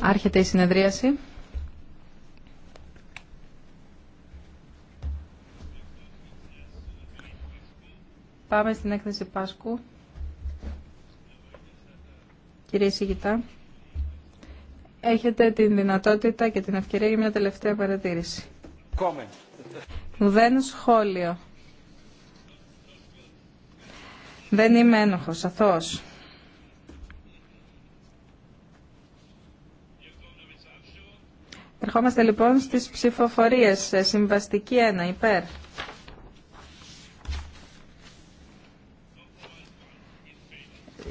Άρχεται η συνεδρίαση. Πάμε στην έκθεση Πάσκου. Κύριε Σιγητά, έχετε την δυνατότητα και την ευκαιρία για μια τελευταία παρατήρηση. Comment. σχόλιο. Δεν είμαι ένοχος, αθώος. Ερχόμαστε λοιπόν στις ψηφοφορίες. Συμβαστική 1, υπέρ.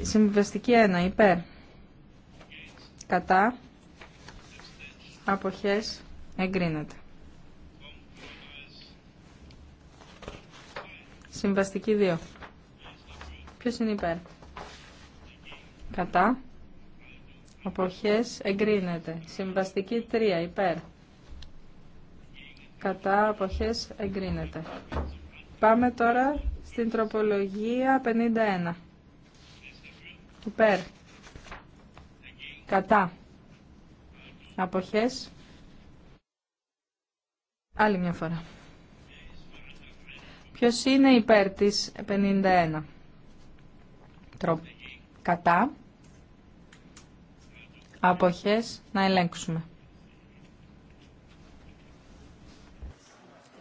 Συμβαστική 1, υπέρ. Κατά. Αποχές. Εγκρίνεται. Συμβαστική 2. Ποιος είναι υπέρ. Κατά. Αποχές εγκρίνεται. Συμβαστική 3 υπέρ. Κατά αποχές εγκρίνεται. Πάμε τώρα στην τροπολογία 51. Υπέρ. Κατά. Αποχές. Άλλη μια φορά. Ποιος είναι υπέρ της 51 άρθρο. Κατά. Αποχές να ελέγξουμε.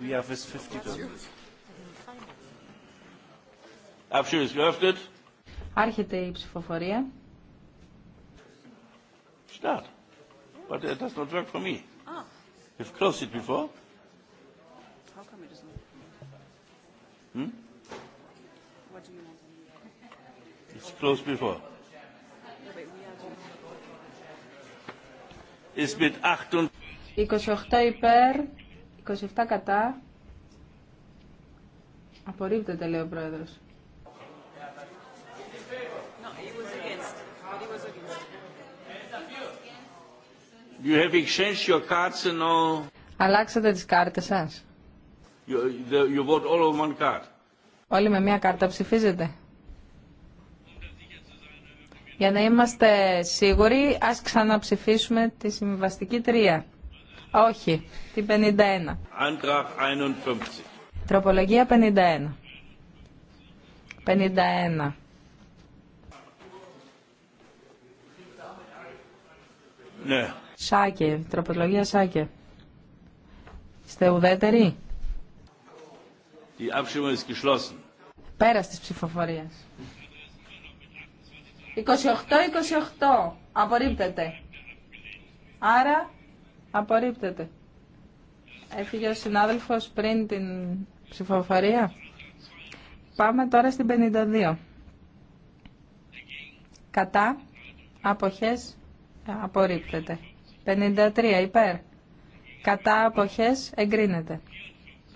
We have 50 Άρχεται η ψηφοφορία. Start. But it does not work for me. Ah. We've closed it before. How come it doesn't work for me? Hmm? it's closed before. It's been 28 υπέρ, 27 κατά. Απορρίπτεται, λέει ο πρόεδρος. You have exchanged your cards and all... Αλλάξατε τις κάρτες σας. You, the, you vote all on one card. Όλοι με μία κάρτα ψηφίζετε. Για να είμαστε σίγουροι, ας ξαναψηφίσουμε τη συμβιβαστική τρία. Όχι, την 51. Τροπολογία 51. 51. Ναι. Σάκε, τροπολογία Σάκε. Είστε ουδέτεροι. Η Πέρα τη ψηφοφορία. 28-28. Απορρίπτεται. Άρα απορρίπτεται. Έφυγε ο συνάδελφος πριν την ψηφοφορία. Πάμε τώρα στην 52. Κατά. Αποχές. Απορρίπτεται. 53 υπέρ. Κατά αποχές εγκρίνεται.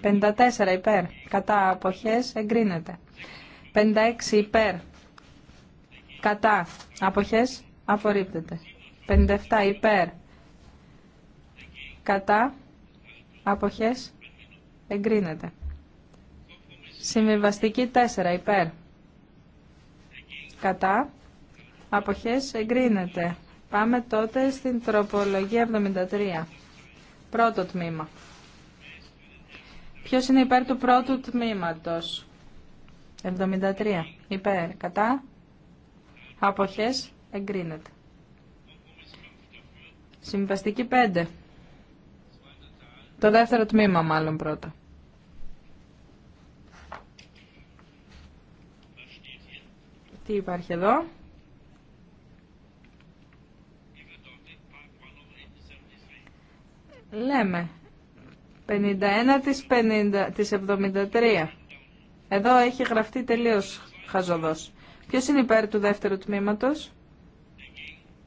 54 υπέρ. Κατά αποχές εγκρίνεται. 56 υπέρ. Κατά. Αποχές. Απορρίπτεται. 57 υπέρ. Κατά. Αποχές. Εγκρίνεται. Συμβιβαστική 4 υπέρ. Κατά. Αποχές. Εγκρίνεται. Πάμε τότε στην τροπολογία 73. Πρώτο τμήμα. Ποιος είναι υπέρ του πρώτου τμήματος. 73. Υπέρ. Κατά. Αποχές εγκρίνεται. Συμβαστική 5. Το δεύτερο τμήμα μάλλον πρώτα. Τι υπάρχει εδώ. Λέμε 51 της, 50, της 73. Εδώ έχει γραφτεί τελείως χαζοδός. Ποιος είναι υπέρ του δεύτερου τμήματος.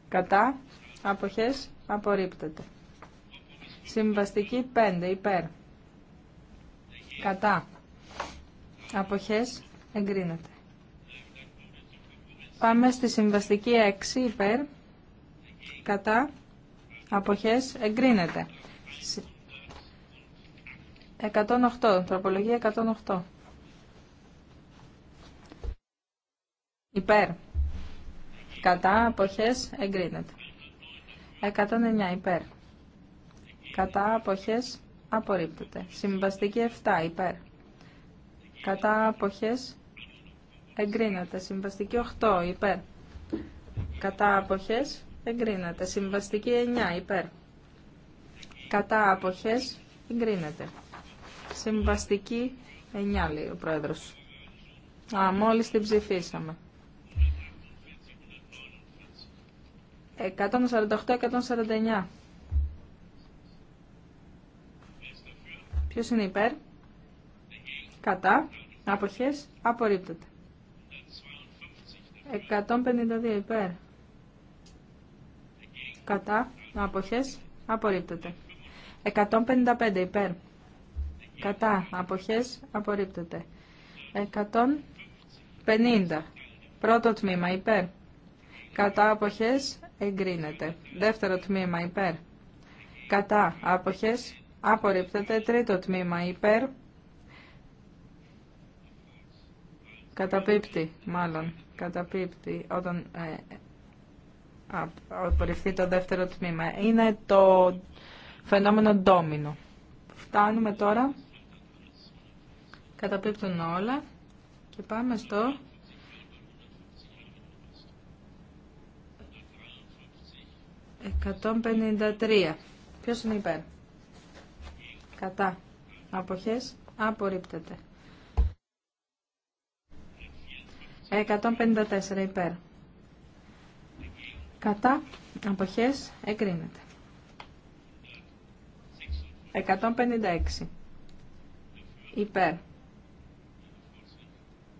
Κατά. Αποχές. Απορρίπτεται. Συμβαστική 5. Υπέρ. Κατά. Αποχές. Εγκρίνεται. Πάμε στη συμβαστική 6. Υπέρ. Κατά. Αποχές. Εγκρίνεται. 108. Τροπολογία 108. Υπέρ. Κατά αποχές εγκρίνεται. 109 υπέρ. Κατά αποχές απορρίπτεται. Συμβαστική 7 υπέρ. Κατά αποχές εγκρίνεται. Συμβαστική 8 υπέρ. Κατά αποχές εγκρίνεται. Συμβαστική 9 υπέρ. Κατά αποχές εγκρίνεται. Συμβαστική 9 λέει ο πρόεδρος. Α, μόλις την ψηφίσαμε. 148-149. Ποιος είναι υπέρ. Κατά. Αποχές. Απορρίπτεται. 152 υπέρ. Κατά. Αποχές. Απορρίπτεται. 155 υπέρ. Κατά. Αποχές. Απορρίπτεται. 150. Πρώτο τμήμα υπέρ κατά αποχές εγκρίνεται. Δεύτερο τμήμα υπέρ, κατά αποχές απορρίπτεται. Τρίτο τμήμα υπέρ, καταπίπτει μάλλον, καταπίπτει όταν ε, απορριφθεί το δεύτερο τμήμα. Είναι το φαινόμενο ντόμινο. Φτάνουμε τώρα, καταπίπτουν όλα και πάμε στο 153. Ποιος είναι υπέρ. Κατά. Αποχές. Απορρίπτεται. 154 υπέρ. Κατά. Αποχές. Εκρίνεται 156. Υπέρ.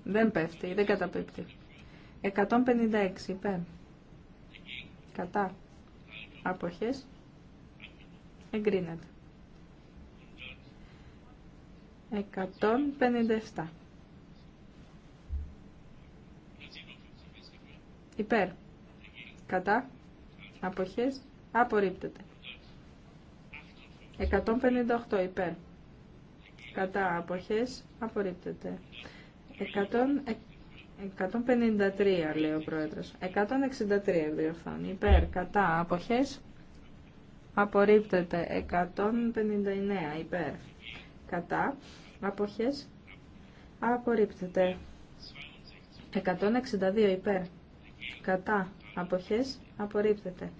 Δεν πέφτει, δεν καταπέφτει. 156 υπέρ. Κατά. Αποχές. Εγκρίνεται. 157. Υπέρ. Κατά. Αποχές. Απορρίπτεται. 158 υπέρ. Κατά αποχές απορρίπτεται. 153 λέει ο πρόεδρος. 163 διορθώνει. Υπέρ, κατά, αποχές. Απορρίπτεται. 159 υπέρ, κατά, αποχές. Απορρίπτεται. 162 υπέρ, κατά, αποχές. Απορρίπτεται.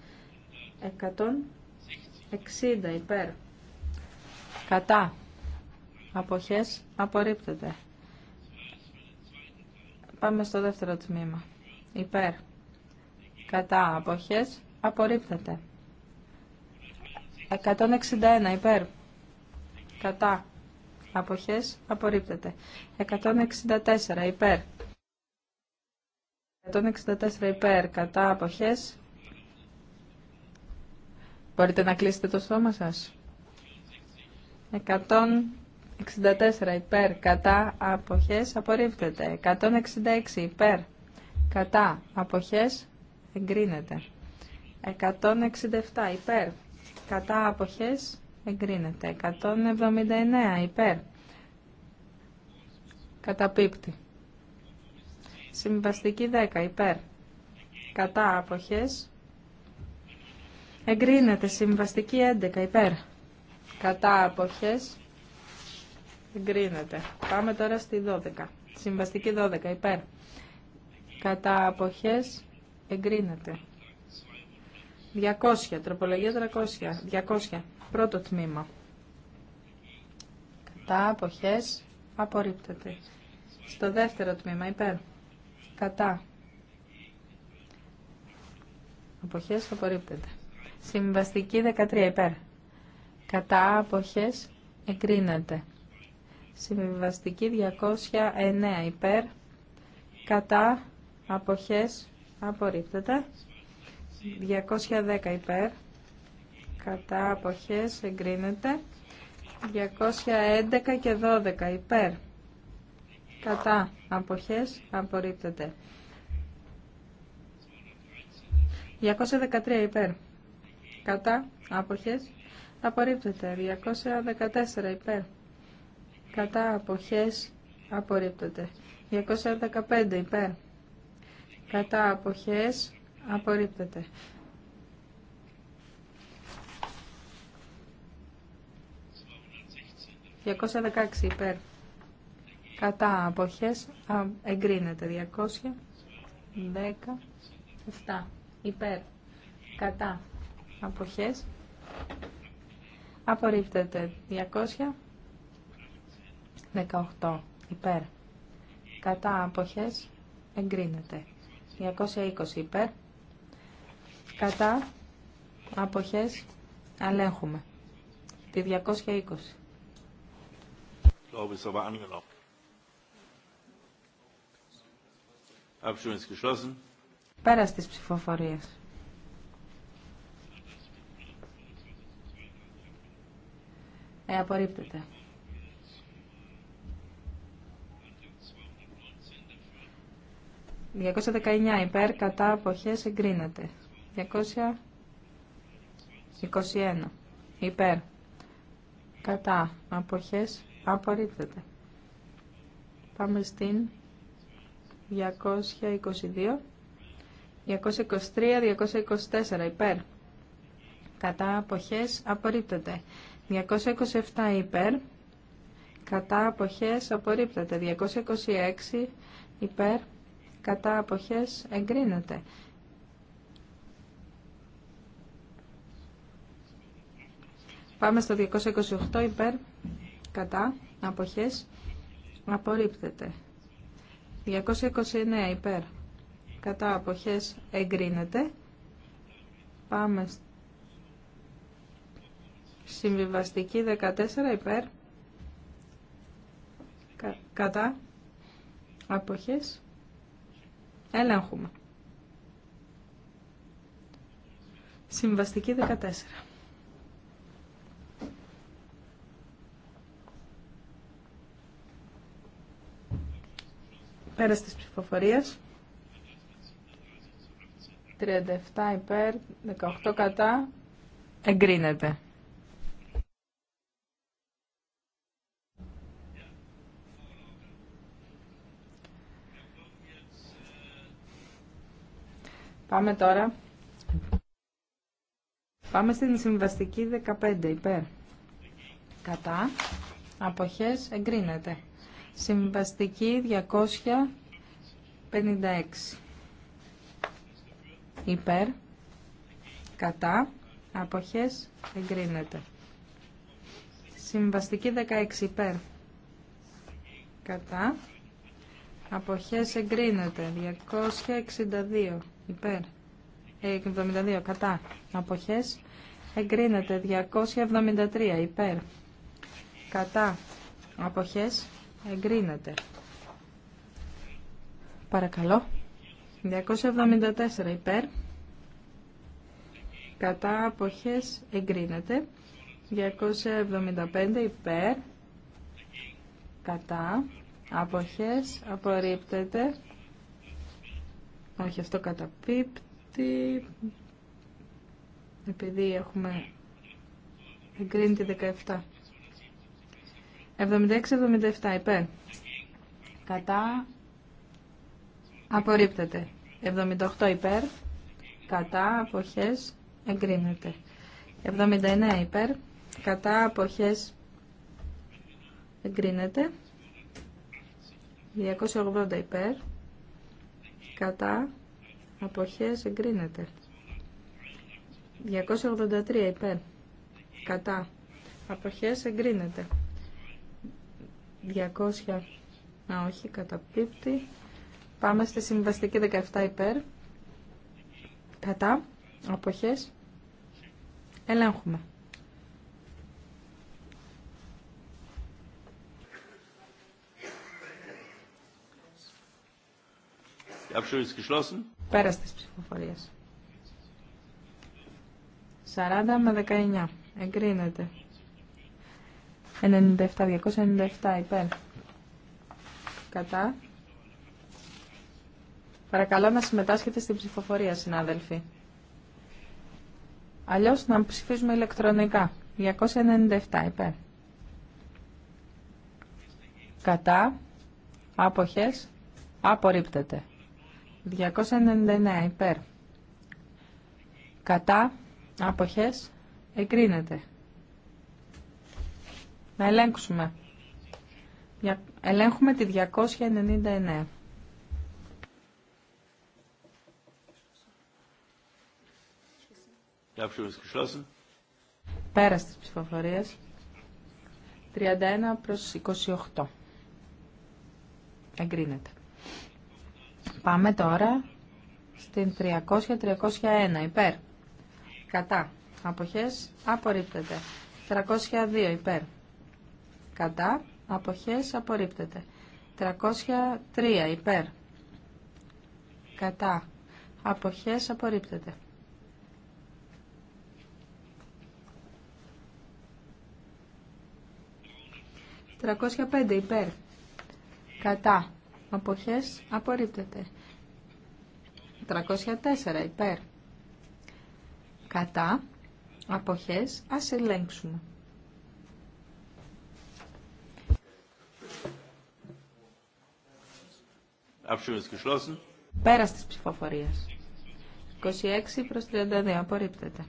160 υπέρ, κατά, αποχές. Απορρίπτεται. Πάμε στο δεύτερο τμήμα. Υπέρ. Κατά αποχές απορρίπτεται. 161 υπέρ. Κατά αποχές απορρίπτεται. 164 υπέρ. 164 υπέρ. Κατά αποχές. Μπορείτε να κλείσετε το στόμα σας. 64 υπέρ κατά αποχές απορρίπτεται. 166 υπέρ κατά αποχές εγκρίνεται. 167 υπέρ κατά αποχές εγκρίνεται. 179 υπέρ καταπίπτει. Συμβαστική 10 υπέρ κατά αποχές εγκρίνεται. Συμβαστική 11 υπέρ κατά αποχές Εγκρίνεται. Πάμε τώρα στη 12. Συμβαστική 12. Υπέρ. Κατά αποχές εγκρίνεται. 200. Τροπολογία 300. 200. Πρώτο τμήμα. Κατά αποχές απορρίπτεται. Στο δεύτερο τμήμα υπέρ. Κατά. Αποχές απορρίπτεται. Συμβαστική 13 υπέρ. Κατά αποχές εγκρίνεται. Συμβιβαστική 209 υπέρ. Κατά. Αποχές. Απορρίπτεται. 210 υπέρ. Κατά. Αποχές. Εγκρίνεται. 211 και 12 υπέρ. Κατά. Αποχές. Απορρίπτεται. 213 υπέρ. Κατά. Αποχές. Απορρίπτεται. 214 υπέρ κατά αποχές απορρίπτεται. 215 υπέρ κατά αποχές απορρίπτεται. 216 υπέρ κατά αποχές α, εγκρίνεται. 217 υπέρ κατά αποχές απορρίπτεται. 200 18 υπέρ. Κατά αποχές εγκρίνεται. 220 υπέρ. Κατά αποχές αλέχουμε. Τη 220. Πέρα στις ψηφοφορίες. Ε, απορρίπτεται. 219 υπέρ κατά αποχές εγκρίνεται. 221 υπέρ κατά αποχές απορρίπτεται. Πάμε στην 222, 223, 224 υπέρ. Κατά αποχές απορρίπτεται. 227 υπέρ. Κατά αποχές απορρίπτεται. 226 υπέρ κατά αποχές εγκρίνεται. Πάμε στο 228 υπέρ κατά αποχές απορρίπτεται. 229 υπέρ κατά αποχές εγκρίνεται. Πάμε συμβιβαστική 14 υπέρ κατά αποχές Ελέγχουμε. Συμβαστική 14. Πέρα της ψηφοφορίας. 37 υπέρ, 18 κατά. Εγκρίνεται. Πάμε τώρα. Πάμε στην συμβαστική 15 υπέρ. Κατά. Αποχές εγκρίνεται. Συμβαστική 256. Υπέρ. Κατά. Αποχές εγκρίνεται. Συμβαστική 16 υπέρ. Κατά. Αποχές εγκρίνεται. 262 υπέρ 72 κατά αποχές εγκρίνεται 273 υπέρ κατά αποχές εγκρίνεται παρακαλώ 274 υπέρ κατά αποχές εγκρίνεται 275 υπέρ κατά αποχές απορρίπτεται όχι, αυτό καταπίπτει. Επειδή έχουμε εγκρίνει τη 17. 76-77 υπέρ. Κατά. Απορρίπτεται. 78 υπέρ. Κατά. Αποχές. Εγκρίνεται. 79 υπέρ. Κατά. Αποχές. Εγκρίνεται. 280 υπέρ κατά αποχές εγκρίνεται 283 υπέρ κατά αποχές εγκρίνεται 200 να όχι καταπίπτει πάμε στη συμβαστική 17 υπέρ κατά αποχές ελέγχουμε Πέρα τη ψηφοφορία. 40 με 19. Εγκρίνεται. 97, 297 υπέρ. Κατά. Παρακαλώ να συμμετάσχετε στην ψηφοφορία, συνάδελφοι. αλλιω να ψηφίζουμε ηλεκτρονικά. 297 υπέρ. Κατά. Άποχες. Απορρίπτεται. 299 υπέρ. Κατά αποχές εγκρίνεται. Να ελέγξουμε. Ελέγχουμε τη 299. Πέρα στις ψηφοφορίες. 31 προς 28. Εγκρίνεται. Πάμε τώρα στην 300-301 υπέρ. Κατά. Αποχές απορρίπτεται. 302 υπέρ. Κατά. Αποχές απορρίπτεται. 303 υπέρ. Κατά. Αποχές απορρίπτεται. 305 υπέρ. Κατά αποχές απορρίπτεται. 304 υπέρ κατά αποχές ας ελέγξουμε. Πέρα της ψηφοφορία. 26 προς 32 απορρίπτεται.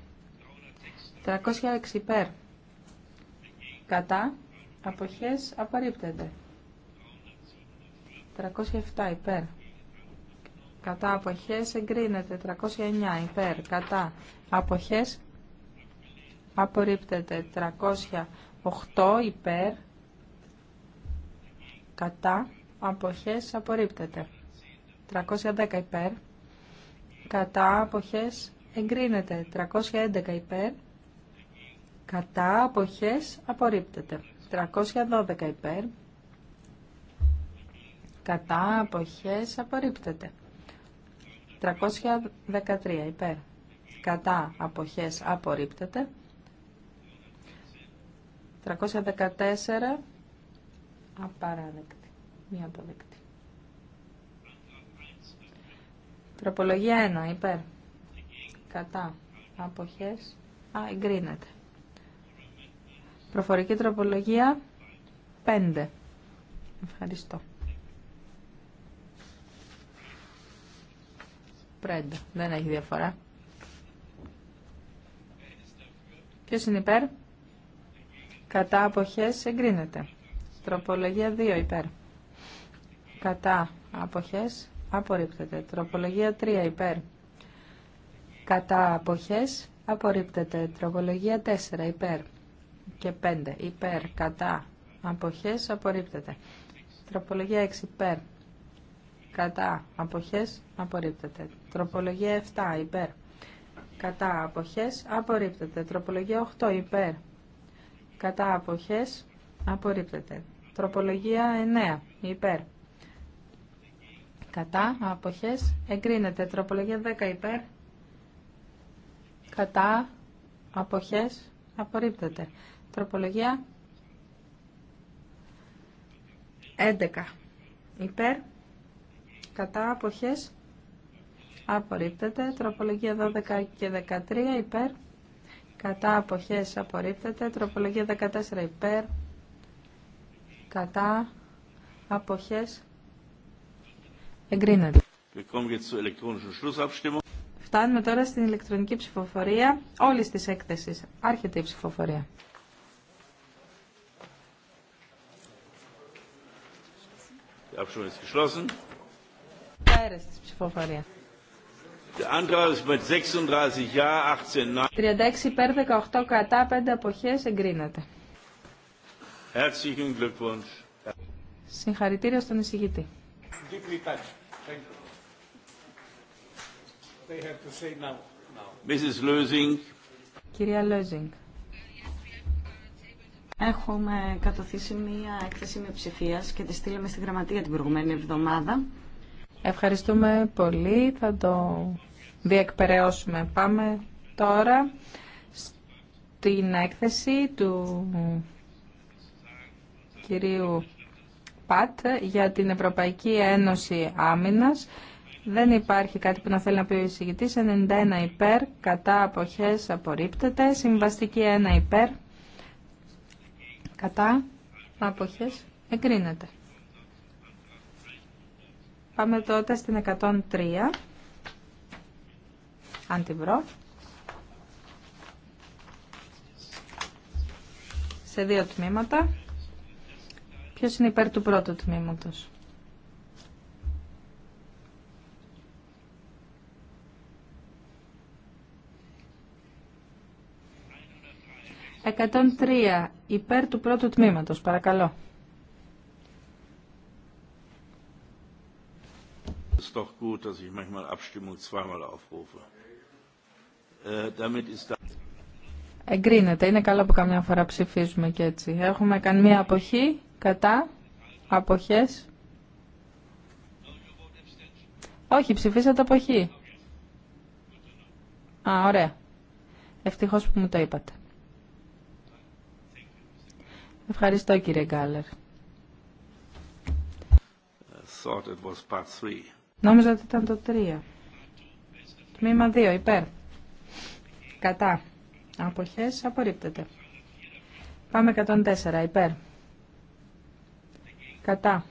306 υπέρ. Κατά αποχές απορρίπτεται. 307 υπέρ. Κατά αποχές εγκρίνεται. 309 υπέρ. Κατά αποχές απορρίπτεται. 308 υπέρ. Κατά αποχές απορρίπτεται. 310 υπέρ. Κατά αποχές εγκρίνεται. 311 υπέρ. Κατά αποχές απορρίπτεται. 312 υπέρ κατά αποχές απορρίπτεται 313 υπέρ κατά αποχές απορρίπτεται 314 απαράδεκτη μία αποδεκτή τροπολογία 1 υπέρ κατά αποχές α, εγκρίνεται προφορική τροπολογία 5 ευχαριστώ Πρέντα. Δεν έχει διαφορά. Ποιο είναι υπέρ? Κατά αποχές εγκρίνεται. Τροπολογία 2 υπέρ. Κατά αποχές απορρίπτεται. Τροπολογία 3 υπέρ. Κατά αποχές απορρίπτεται. Τροπολογία 4 υπέρ. Και 5 υπέρ. Κατά αποχές απορρίπτεται. Τροπολογία 6 υπέρ κατά αποχές απορρίπτεται. Τροπολογία 7 υπέρ κατά αποχές απορρίπτεται. Τροπολογία 8 υπέρ κατά αποχές απορρίπτεται. Τροπολογία 9 υπέρ κατά αποχές εγκρίνεται. Τροπολογία 10 υπέρ κατά αποχές απορρίπτεται. Τροπολογία 11 υπέρ κατά αποχές απορρίπτεται. Τροπολογία 12 και 13 υπέρ, κατά αποχές απορρίπτεται. Τροπολογία 14 υπέρ, κατά αποχές εγκρίνεται. Φτάνουμε τώρα στην ηλεκτρονική ψηφοφορία όλης της έκθεσης. Άρχεται η ψηφοφορία. Η της ψηφοφορίας. 36 υπέρ 18 κατά 5 αποχές εγκρίνεται. Συγχαρητήρια στον εισηγητή. Κυρία Λόζινγκ. Έχουμε κατοθήσει μία έκθεση με ψηφίας και τη στείλαμε στην γραμματεία την προηγουμένη εβδομάδα. Ευχαριστούμε πολύ. Θα το διεκπαιρεώσουμε. Πάμε τώρα στην έκθεση του κυρίου ΠΑΤ για την Ευρωπαϊκή Ένωση Άμυνας. Δεν υπάρχει κάτι που να θέλει να πει ο εισηγητής. 91 υπέρ, κατά αποχές απορρίπτεται. Συμβαστική 1 υπέρ, κατά αποχές εγκρίνεται. Πάμε τότε στην 103. Αν την βρω. Σε δύο τμήματα. Ποιος είναι υπέρ του πρώτου τμήματος. Εκατόν τρία. Υπέρ του πρώτου τμήματος. Παρακαλώ. ist doch gut, dass ich manchmal Abstimmung zweimal aufrufe. Äh, damit ist Εγκρίνεται. Είναι καλό που καμιά φορά ψηφίζουμε και έτσι. Έχουμε κάνει μία αποχή, κατά, αποχές. Όχι, ψηφίσατε αποχή. Α, ωραία. Ευτυχώς που μου το είπατε. Ευχαριστώ κύριε Γκάλερ. thought it was part three. Νόμιζα ότι ήταν το 3. Τμήμα 2. Υπέρ. Κατά. Αποχές. Απορρίπτεται. Πάμε 104. Υπέρ. Κατά.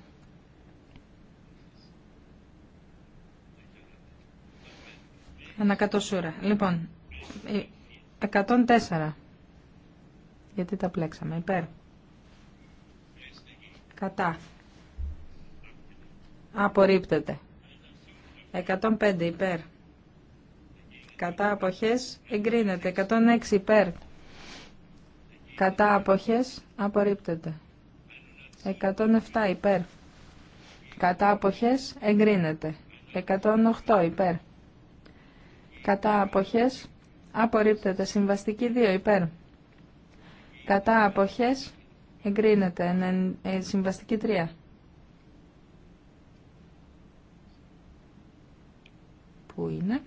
Ανακατοσούρα. Λοιπόν, 104. Γιατί τα πλέξαμε. Υπέρ. Κατά. Απορρίπτεται. 105 υπέρ. Κατά αποχές εγκρίνεται. 106 υπέρ. Κατά αποχές απορρίπτεται. 107 υπέρ. Κατά αποχές εγκρίνεται. 108 υπέρ. Κατά αποχές απορρίπτεται. Συμβαστική 2 υπέρ. Κατά αποχές εγκρίνεται. Ε, συμβαστική 3 Πού είναι?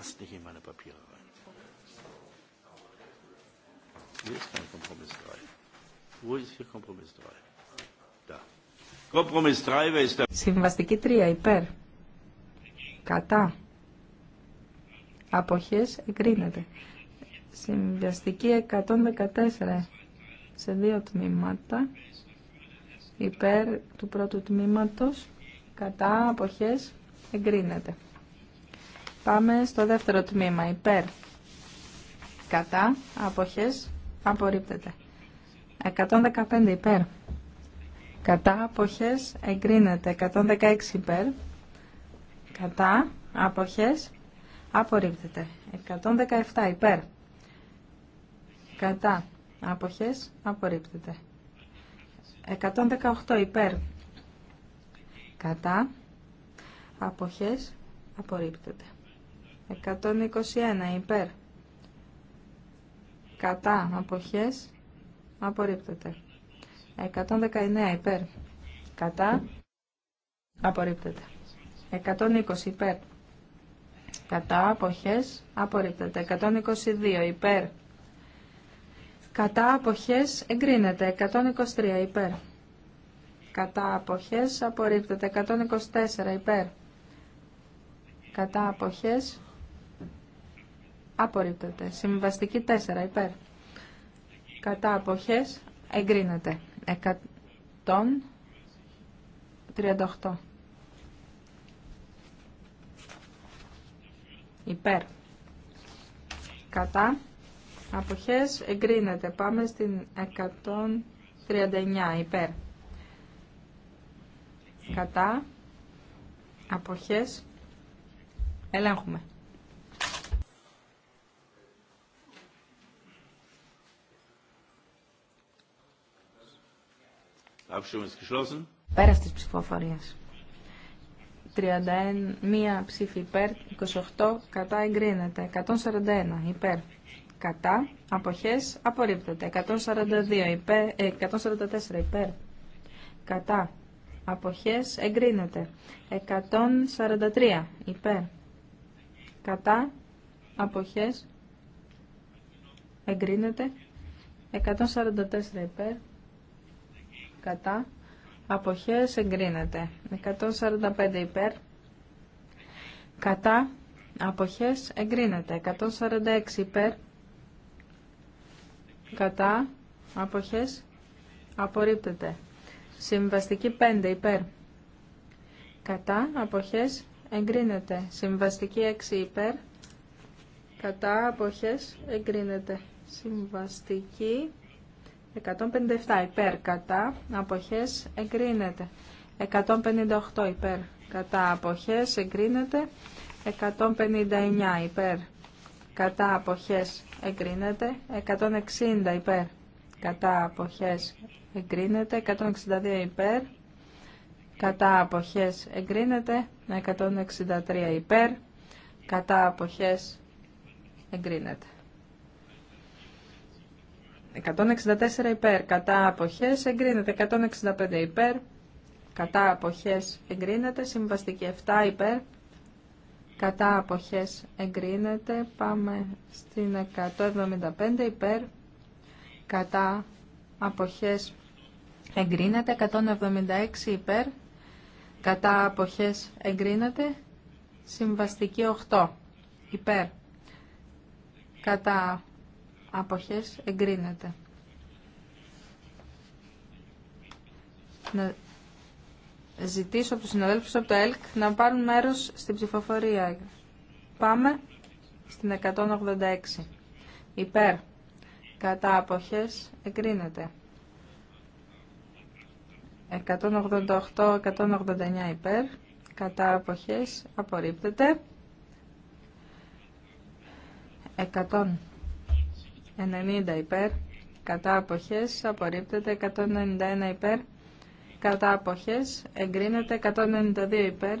Fast nicht in meine Papiere rein. Hier ist kein Kompromiss 3. Wo ist hier Kompromiss 3? Da. Kompromiss 3, wer ist da? Συμβαστική 3, υπέρ. Κατά. Αποχές εγκρίνεται. Συμβαστική 114 σε δύο τμήματα υπέρ του πρώτου τμήματος κατά αποχές εγκρίνεται πάμε στο δεύτερο τμήμα υπέρ κατά αποχές απορρίπτεται 115 υπέρ κατά αποχές εγκρίνεται 116 υπέρ κατά αποχές απορρίπτεται 117 υπέρ κατά Αποχές απορρίπτεται. 118 υπέρ. Κατά. Αποχές απορρίπτεται. 121 υπέρ. Κατά. Αποχές απορρίπτεται. 119 υπέρ. Κατά. Απορρίπτεται. 120 υπέρ. Κατά. Αποχές απορρίπτεται. 122 υπέρ Κατά αποχές εγκρίνεται 123 υπέρ. Κατά αποχές απορρίπτεται 124 υπέρ. Κατά αποχές απορρίπτεται. Συμβαστική 4 υπέρ. Κατά αποχές εγκρίνεται 138. Υπέρ. Κατά Αποχές εγκρίνεται. Πάμε στην 139 υπέρ. Κατά. Αποχές. Ελέγχουμε. Πέρα τη ψηφοφορία. 31 ψήφοι υπέρ, 28 κατά εγκρίνεται, 141 υπέρ κατά, αποχές, απορρίπτεται. 142 υπέρ, 144 ε, υπέρ, κατά, αποχές, εγκρίνεται. 143 υπέρ, κατά, αποχές, εγκρίνεται. 144 υπέρ, κατά, αποχές, εγκρίνεται. 145 υπέρ, κατά, αποχές, εγκρίνεται. 146 υπέρ, κατά, αποχές, απορρίπτεται. Συμβαστική 5 υπέρ, κατά, αποχές, εγκρίνεται. Συμβαστική 6 υπέρ, κατά, αποχές, εγκρίνεται. Συμβαστική 157 υπέρ, κατά, αποχές, εγκρίνεται. 158 υπέρ, κατά, αποχές, εγκρίνεται. 159 υπέρ, κατά αποχές εγκρίνεται 160 υπέρ κατά αποχές εγκρίνεται 162 υπέρ κατά αποχές εγκρίνεται 163 υπέρ κατά αποχές εγκρίνεται 164 υπέρ κατά αποχές εγκρίνεται 165 υπέρ κατά αποχές εγκρίνεται συμβαστική 7 υπέρ κατά αποχές εγκρίνεται. Πάμε στην 175 υπέρ κατά αποχές εγκρίνεται. 176 υπέρ κατά αποχές εγκρίνεται. Συμβαστική 8 υπέρ κατά αποχές εγκρίνεται ζητήσω από τους συναδέλφους από το ΕΛΚ να πάρουν μέρος στην ψηφοφορία. Πάμε στην 186. Υπέρ. Κατά αποχές εγκρίνεται. 188-189 υπέρ. Κατά αποχές απορρίπτεται. 190 υπέρ. Κατά αποχές απορρίπτεται. 191 υπέρ κατά αποχές εγκρίνεται 192 υπέρ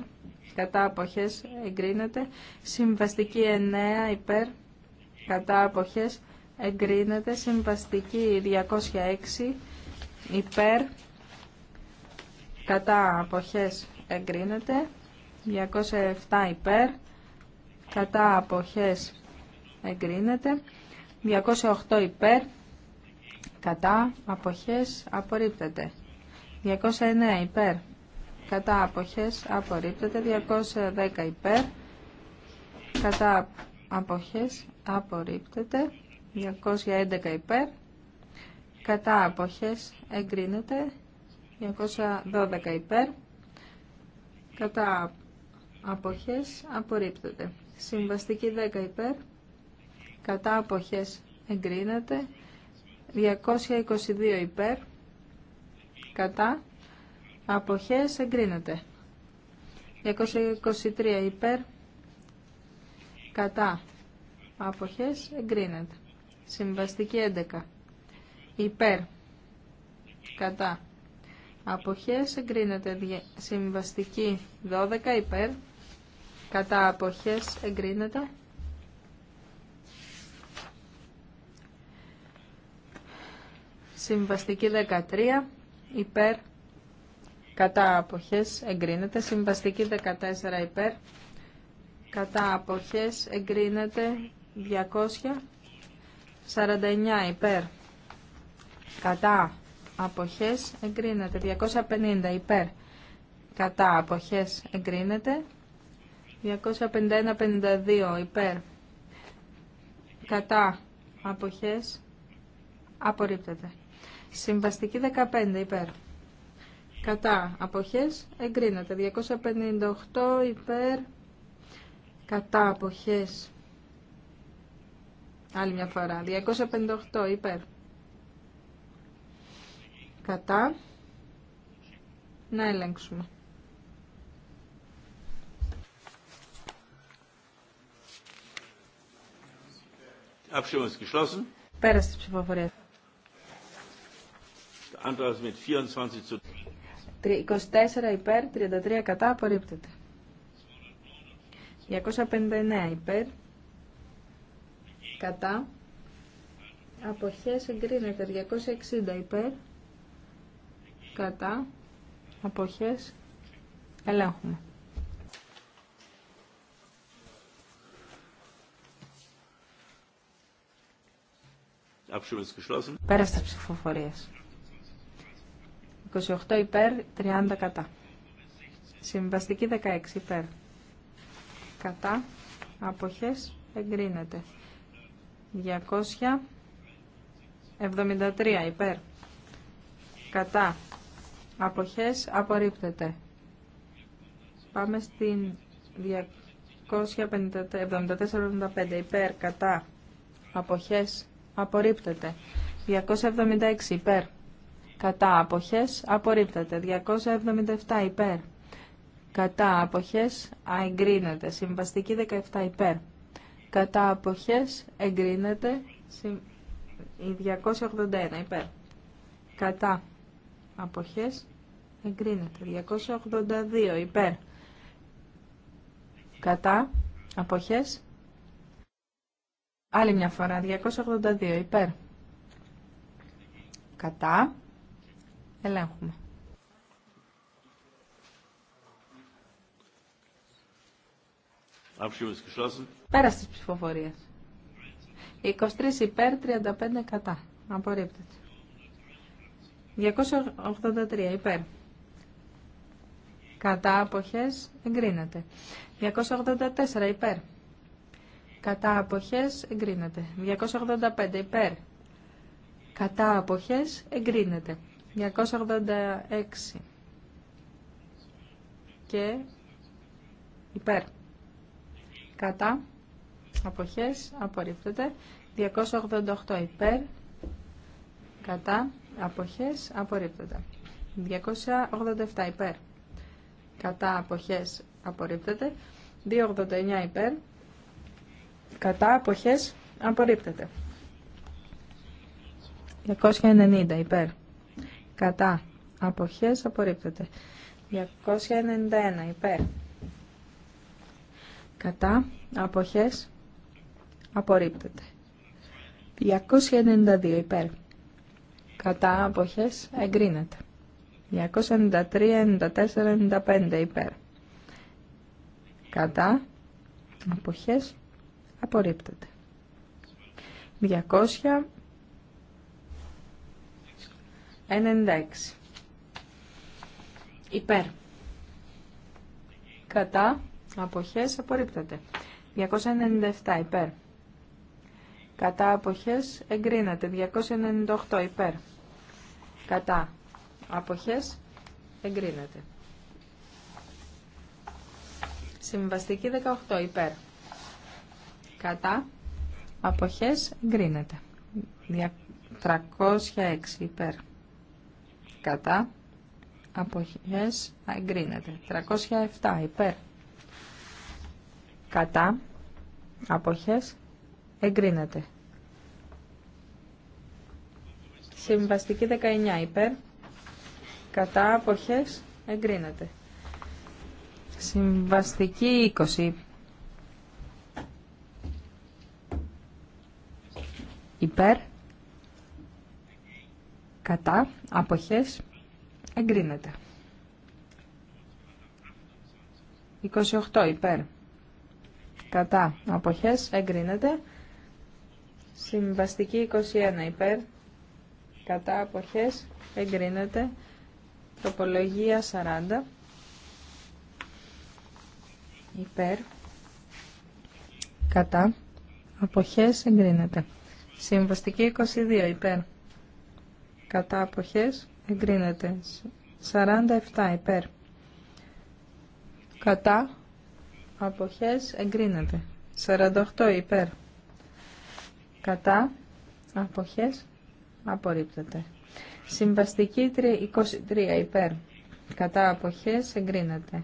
κατά αποχές εγκρίνεται συμβαστική 9 υπέρ κατά αποχές εγκρίνεται συμβαστική 206 υπέρ κατά αποχές εγκρίνεται 207 υπέρ κατά αποχές εγκρίνεται 208 υπέρ κατά αποχές απορρίπτεται 209 υπέρ κατά αποχές απορρίπτεται 210 υπέρ κατά αποχές απορρίπτεται 211 υπέρ κατά αποχές εγκρίνεται 212 υπέρ κατά αποχές απορρίπτεται συμβαστική 10 υπέρ κατά αποχές εγκρίνεται 222 υπέρ κατά αποχές εγκρίνεται 223 υπέρ κατά αποχές εγκρίνεται συμβαστική 11 υπέρ κατά αποχές εγκρίνεται συμβαστική 12 υπέρ κατά αποχές εγκρίνεται Συμβαστική 13 υπέρ, κατά αποχές εγκρίνεται. Συμβαστική 14 υπέρ, κατά αποχές εγκρίνεται 249 υπέρ, κατά αποχές εγκρίνεται 250 υπέρ, κατά αποχές εγκρίνεται 251-52 υπέρ, κατά αποχές απορρίπτεται. Συμβαστική 15 υπέρ. Κατά αποχές εγκρίνεται. 258 υπέρ. Κατά αποχές. Άλλη μια φορά. 258 υπέρ. Κατά. Να ελέγξουμε. Πέραστη geschlossen. ψηφοφορία. 24 υπέρ, 33 κατά, απορρίπτεται. 259 υπέρ, κατά, αποχές εγκρίνεται. 260 υπέρ, κατά, αποχές, ελέγχουμε. Πέρασε τα ψηφοφορίας. 28 υπέρ, 30 κατά. Συμβαστική 16 υπέρ. Κατά. Αποχές. Εγκρίνεται. 273 υπέρ. Κατά. Αποχές. Απορρίπτεται. Πάμε στην 274-75 υπέρ. Κατά. Αποχές. Απορρίπτεται. 276 υπέρ κατά αποχές απορρίπτεται. 277 υπέρ, κατά αποχές εγκρίνεται. Συμβαστική 17 υπέρ, κατά αποχές εγκρίνεται. 281 υπέρ, κατά αποχές εγκρίνεται. 282 υπέρ, κατά αποχές Άλλη μια φορά, 282 υπέρ. Κατά, Ελέγχουμε. Πέρα τη ψηφοφορία. 23 υπέρ, 35 κατά. Απορρίπτεται. 283 υπέρ. Κατά αποχές εγκρίνεται. 284 υπέρ. Κατά αποχές εγκρίνεται. 285 υπέρ. Κατά αποχές εγκρίνεται. 286 και υπέρ. Κατά αποχές απορρίπτεται. 288 υπέρ. Κατά αποχές απορρίπτεται. 287 υπέρ. Κατά αποχές απορρίπτεται. 289 υπέρ. Κατά αποχές απορρίπτεται. 290 υπέρ κατά αποχές απορρίπτεται 291 υπέρ κατά αποχές απορρίπτεται 292 υπέρ κατά αποχές εγκρίνεται 293, 94, 95 υπέρ κατά αποχές απορρίπτεται 200 96. Υπέρ. Κατά. Αποχές απορρίπτεται. 297 υπέρ. Κατά αποχές εγκρίνεται. 298 υπέρ. Κατά αποχές εγκρίνεται. Συμβαστική 18 υπέρ. Κατά αποχές εγκρίνεται. 306 υπέρ κατά αποχές εγκρίνεται 307 υπέρ κατά αποχές εγκρίνεται συμβαστική 19 υπέρ κατά αποχές εγκρίνεται συμβαστική 20 υπέρ κατά, αποχές, εγκρίνεται. 28 υπέρ, κατά, αποχές, εγκρίνεται. Συμβαστική 21 υπέρ, κατά, αποχές, εγκρίνεται. Τροπολογία 40 υπέρ, κατά, αποχές, εγκρίνεται. Συμβαστική 22 υπέρ, κατά αποχές εγκρίνεται 47 υπέρ κατά αποχές εγκρίνεται 48 υπέρ κατά αποχές απορρίπτεται συμβαστική 23 υπέρ κατά αποχές εγκρίνεται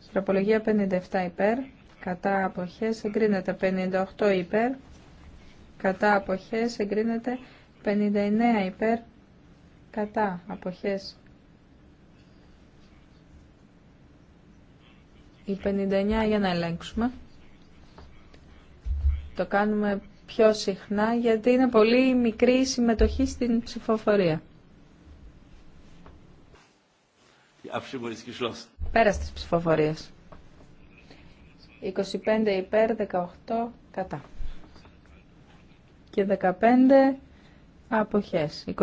Στροπολογία 57 υπέρ κατά αποχές εγκρίνεται 58 υπέρ κατά αποχές εγκρίνεται 59 υπέρ κατά αποχές. Η 59 για να ελέγξουμε. Το κάνουμε πιο συχνά γιατί είναι πολύ μικρή η συμμετοχή στην ψηφοφορία. Πέρα στις ψηφοφορίες. 25 υπέρ, 18 κατά. Και 15 Αποχές. 25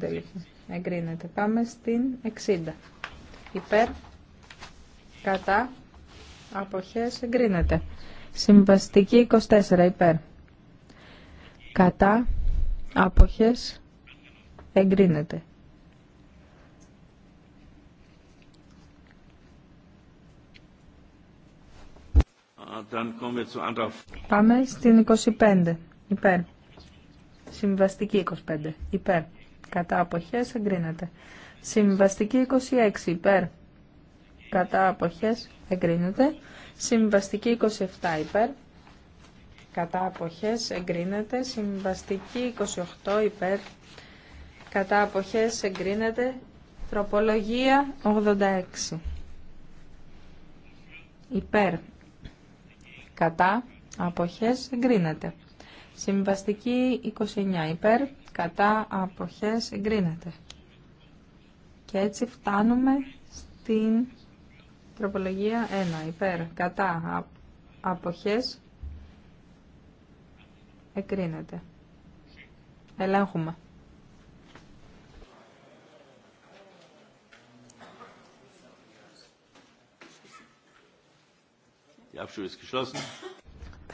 λοιπόν. Εγκρίνεται. Πάμε στην 60. Υπέρ. Κατά. Αποχές. Εγκρίνεται. Συμβαστική 24. Υπέρ. Κατά. Αποχές. Εγκρίνεται. Πάμε στην 25. Υπέρ. Συμβαστική 25. Υπέρ. Κατά αποχές εγκρίνεται. Συμβαστική 26. Υπέρ. Κατά αποχές εγκρίνεται. Συμβαστική 27. Υπέρ. Κατά αποχές εγκρίνεται. Συμβαστική 28. Υπέρ. Κατά αποχές εγκρίνεται. Τροπολογία 86. Υπέρ. Κατά αποχές εγκρίνεται. Συμβαστική 29 υπέρ, κατά αποχές εγκρίνεται. Και έτσι φτάνουμε στην τροπολογία 1 υπέρ, κατά αποχές εγκρίνεται. Ελέγχουμε.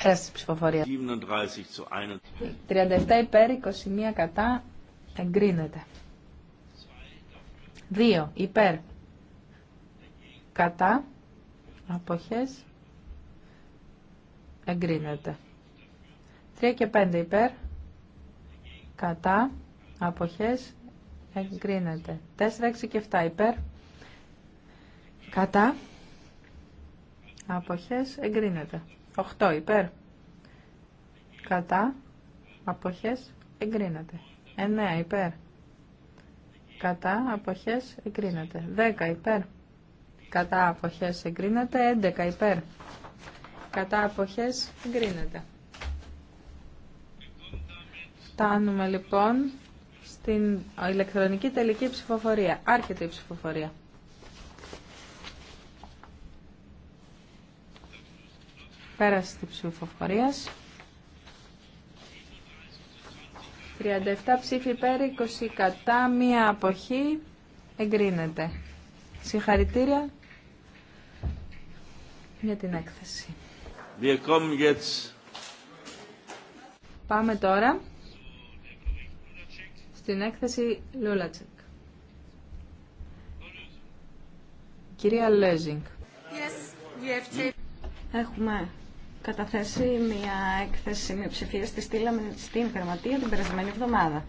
Πέρασε ψηφοφορία. 37 υπέρ, 21 κατά. Εγκρίνεται. 2 υπέρ. Κατά. Αποχές. Εγκρίνεται. 3 και 5 υπέρ. Κατά. Αποχές. Εγκρίνεται. 4, 6 και 7 υπέρ. Κατά. Αποχές. Εγκρίνεται. 8 υπέρ. Κατά. Αποχές εγκρίνεται. 9 υπέρ. Κατά. Αποχές εγκρίνεται. 10 υπέρ. Κατά. Αποχές εγκρίνεται. 11 υπέρ. Κατά. Αποχές εγκρίνεται. Φτάνουμε λοιπόν στην ηλεκτρονική τελική ψηφοφορία. Άρχεται η ψηφοφορία. Πέραση της ψηφοφορίας. 37 ψήφοι υπέρ, 20 κατά, μία αποχή. Εγκρίνεται. Συγχαρητήρια για την έκθεση. Πάμε τώρα στην έκθεση Λούλατσεκ. Κυρία Λέζινγκ. Yes, Έχουμε καταθέσει μια έκθεση μειοψηφία. Τη στείλαμε στην Γραμματεία την περασμένη εβδομάδα.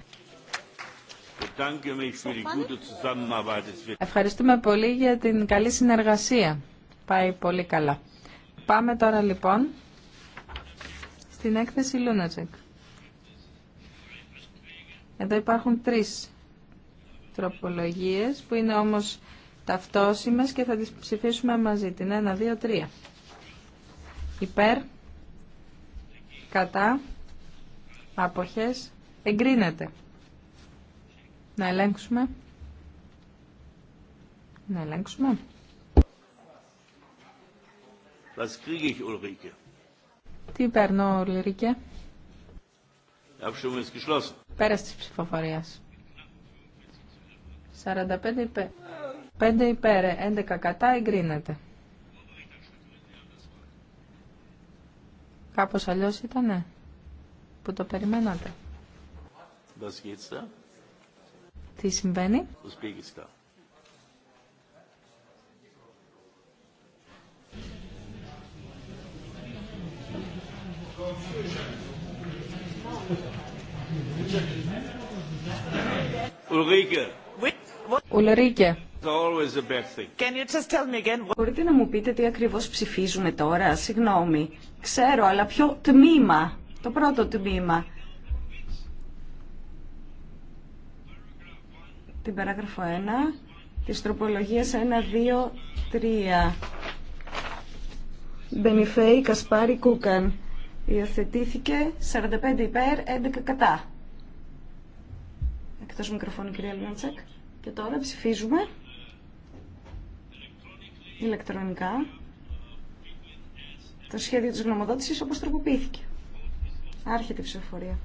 Ευχαριστούμε πολύ για την καλή συνεργασία. Πάει πολύ καλά. Πάμε τώρα λοιπόν στην έκθεση Λούνατσεκ. Εδώ υπάρχουν τρεις τροπολογίες που είναι όμως ταυτόσιμες και θα τις ψηφίσουμε μαζί. Την 1, 2, 3 υπέρ, κατά, αποχές, εγκρίνεται. Να ελέγξουμε. Να ελέγξουμε. Was kriege ich, Ulrike? Τι παίρνω, Ulrike? Πέρα τη ψηφοφορία. 45 υπέρ. 5 υπέρ, 11 κατά, εγκρίνεται. Κάπως αλλιώς ήτανε που το περιμένατε. Ε. Τι συμβαίνει. Ουλρίκε. Ουλρίκε. Μπορείτε να μου πείτε τι ακριβώς ψηφίζουμε τώρα, συγγνώμη. Ξέρω, αλλά ποιο τμήμα, το πρώτο τμήμα. Την παράγραφο 1, της τροπολογίας 1, 2, 3. Μπενιφέη, Κασπάρη, Κούκαν. Υιοθετήθηκε 45 υπέρ, 11 κατά. Εκτός μικροφώνου κυρία Λουνατσέκ. Και τώρα ψηφίζουμε ηλεκτρονικά το σχέδιο της γνωμοδότησης όπως τροποποιήθηκε. Άρχεται η ψηφοφορία.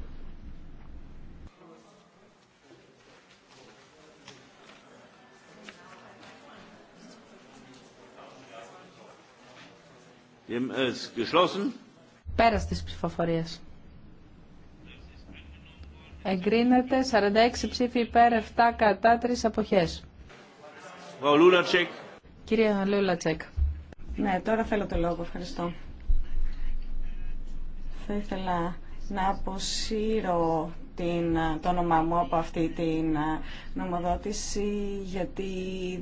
Πέρας της ψηφοφορίας. Εγκρίνεται 46 ψήφοι υπέρ 7 κατά 3 αποχές. Κυρία Λούλα Τσέκ. Ναι, τώρα θέλω το λόγο. Ευχαριστώ. Θα ήθελα να αποσύρω την, το όνομά μου από αυτή την νομοδότηση γιατί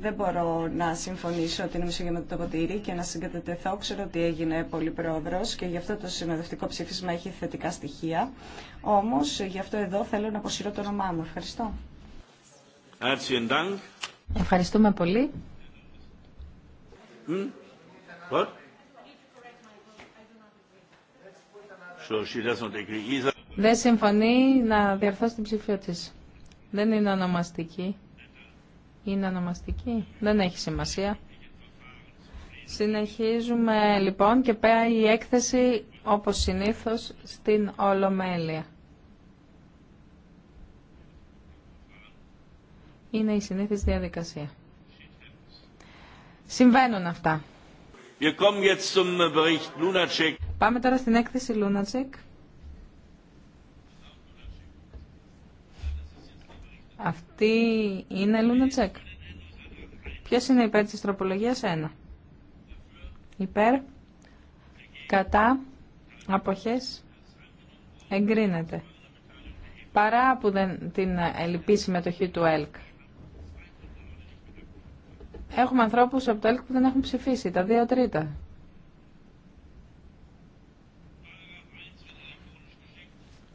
δεν μπορώ να συμφωνήσω ότι είναι μισογεμάτο το ποτήρι και να συγκατατεθώ. Ξέρω ότι έγινε πολύ πρόεδρος και γι' αυτό το συνοδευτικό ψήφισμα έχει θετικά στοιχεία. Όμως γι' αυτό εδώ θέλω να αποσύρω το όνομά μου. Ευχαριστώ. Ευχαριστούμε πολύ. Hm? What? agree Δεν συμφωνεί να διαρθώσει την ψηφία Δεν είναι ονομαστική. Είναι ονομαστική. Δεν έχει σημασία. Συνεχίζουμε λοιπόν και πέρα η έκθεση όπως συνήθως στην Ολομέλεια. Είναι η συνήθις διαδικασία. Συμβαίνουν αυτά. Πάμε τώρα στην έκθεση Λούνατσεκ. Αυτή είναι Λούνατσεκ. Ποιος είναι υπέρ της τροπολογίας Ένα. Υπέρ. Κατά. Αποχές. Εγκρίνεται. Παρά που δεν την ελληπή συμμετοχή του ΕΛΚ. Έχουμε ανθρώπους από το ΕΛΚ που δεν έχουν ψηφίσει, τα δύο τρίτα.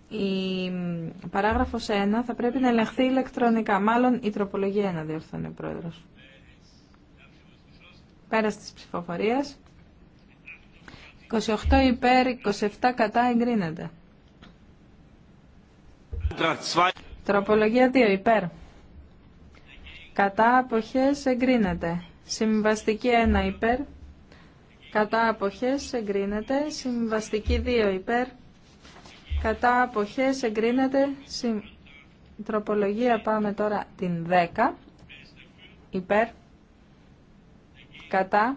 Η παράγραφος 1 θα πρέπει να ελεγχθεί ηλεκτρονικά. Μάλλον η τροπολογία 1 διορθώνει ο πρόεδρος. Πέρας της ψηφοφορίας. 28 υπέρ, 27 κατά εγκρίνεται. Τροπολογία 2 υπέρ κατά αποχές εγκρίνεται. Συμβαστική 1 υπέρ, κατά αποχές εγκρίνεται. Συμβαστική 2 υπέρ, κατά αποχές εγκρίνεται. Συ... Τροπολογία πάμε τώρα την 10 υπέρ, κατά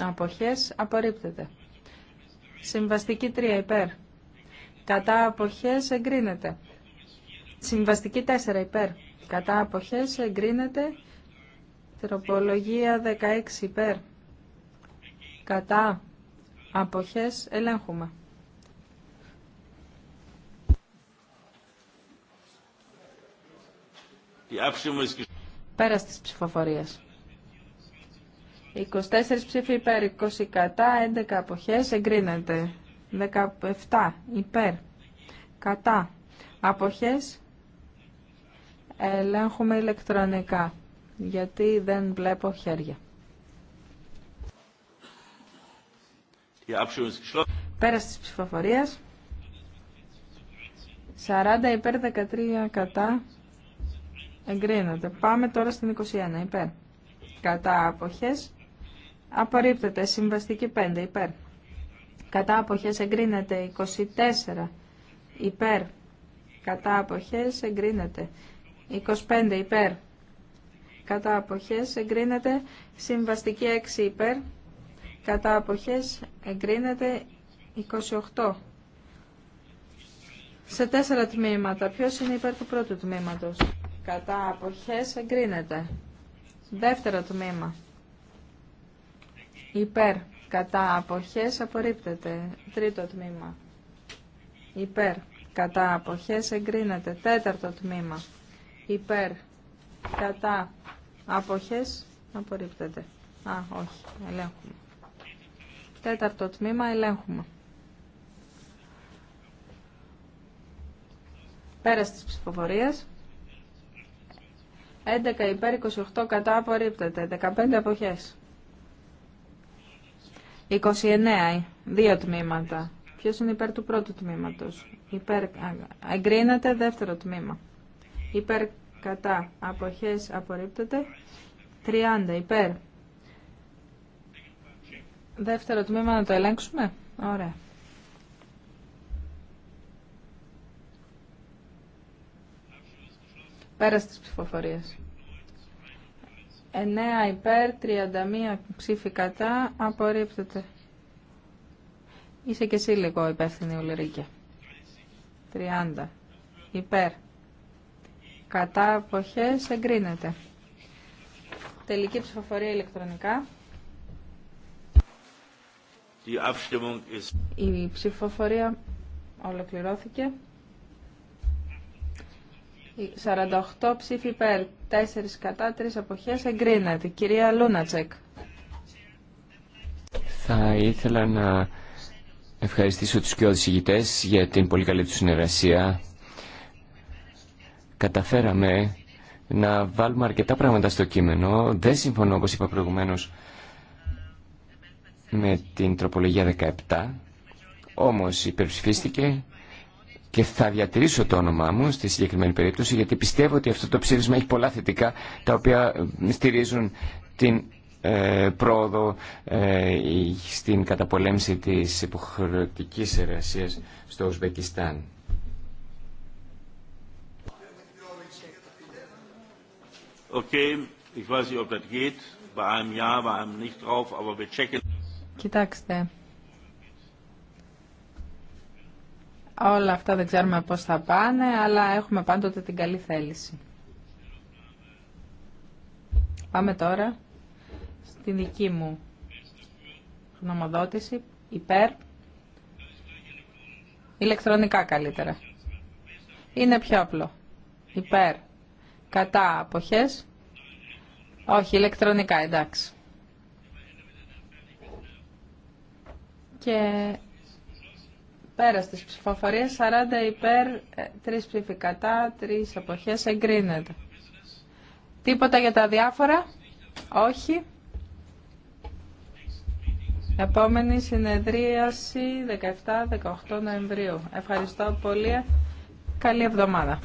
αποχές απορρίπτεται. Συμβαστική 3 υπέρ, κατά αποχές εγκρίνεται. Συμβαστική 4 υπέρ. Κατά αποχές εγκρίνεται τροπολογία 16 υπέρ. Κατά αποχές ελέγχουμε. Πέρας της ψηφοφορίας. 24 ψήφοι υπέρ, 20 κατά, 11 αποχές, εγκρίνεται. 17 υπέρ, κατά, αποχές, ελέγχουμε ηλεκτρονικά, γιατί δεν βλέπω χέρια. Πέρα της ψηφοφορίας, 40 υπέρ 13 κατά εγκρίνονται. Πάμε τώρα στην 21 υπέρ. Κατά αποχές απορρίπτεται. Συμβαστική 5 υπέρ. Κατά αποχές εγκρίνεται 24 υπέρ. Κατά αποχές εγκρίνεται 25 υπέρ κατά αποχές εγκρίνεται συμβαστική 6 υπέρ κατά αποχές εγκρίνεται 28 σε τέσσερα τμήματα ποιος είναι υπέρ του πρώτου τμήματος κατά αποχές εγκρίνεται δεύτερο τμήμα υπέρ κατά αποχές απορρίπτεται τρίτο τμήμα υπέρ κατά αποχές εγκρίνεται τέταρτο τμήμα υπέρ, κατά, αποχές, απορρίπτεται. Α, όχι, ελέγχουμε. Τέταρτο τμήμα, ελέγχουμε. Πέρας της ψηφοφορίες. 11 υπέρ, 28 κατά, απορρίπτεται. 15 αποχές. 29, δύο τμήματα. Ποιος είναι υπέρ του πρώτου τμήματος. Υπέρ, εγκρίνεται δεύτερο τμήμα υπέρ κατά αποχές απορρίπτεται 30 υπέρ δεύτερο τμήμα να το ελέγξουμε ωραία πέρα στις ψηφοφορίες 9 υπέρ 31 ψήφι κατά απορρίπτεται είσαι και εσύ λίγο υπεύθυνη Ουλερίκια 30 υπέρ κατά εποχές εγκρίνεται. Τελική ψηφοφορία ηλεκτρονικά. Η ψηφοφορία ολοκληρώθηκε. 48 ψήφοι υπέρ, 4 κατά, 3 αποχές εγκρίνεται. Κυρία Λούνατσεκ. Θα ήθελα να ευχαριστήσω τους και ηγητές για την πολύ καλή του συνεργασία καταφέραμε να βάλουμε αρκετά πράγματα στο κείμενο. Δεν συμφωνώ, όπως είπα προηγουμένως, με την τροπολογία 17, όμως υπερψηφίστηκε και θα διατηρήσω το όνομά μου στη συγκεκριμένη περίπτωση γιατί πιστεύω ότι αυτό το ψήφισμα έχει πολλά θετικά τα οποία στηρίζουν την ε, πρόοδο ε, στην καταπολέμηση της υποχρεωτικής εργασίας στο Ουσβεκιστάν. Κοιτάξτε. Όλα αυτά δεν ξέρουμε πώς θα πάνε, αλλά έχουμε πάντοτε την καλή θέληση. Πάμε τώρα στη δική μου γνωμοδότηση, υπέρ, ηλεκτρονικά καλύτερα. Είναι πιο απλό. Υπέρ. Κατά αποχές. Όχι, ηλεκτρονικά, εντάξει. Και πέρα στις ψηφοφορίες, 40 υπέρ, 3 ε, ψήφοι κατά, 3 αποχές, εγκρίνεται. Τίποτα για τα διάφορα. Όχι. Επόμενη συνεδρίαση 17-18 Νοεμβρίου. Ευχαριστώ πολύ. Καλή εβδομάδα.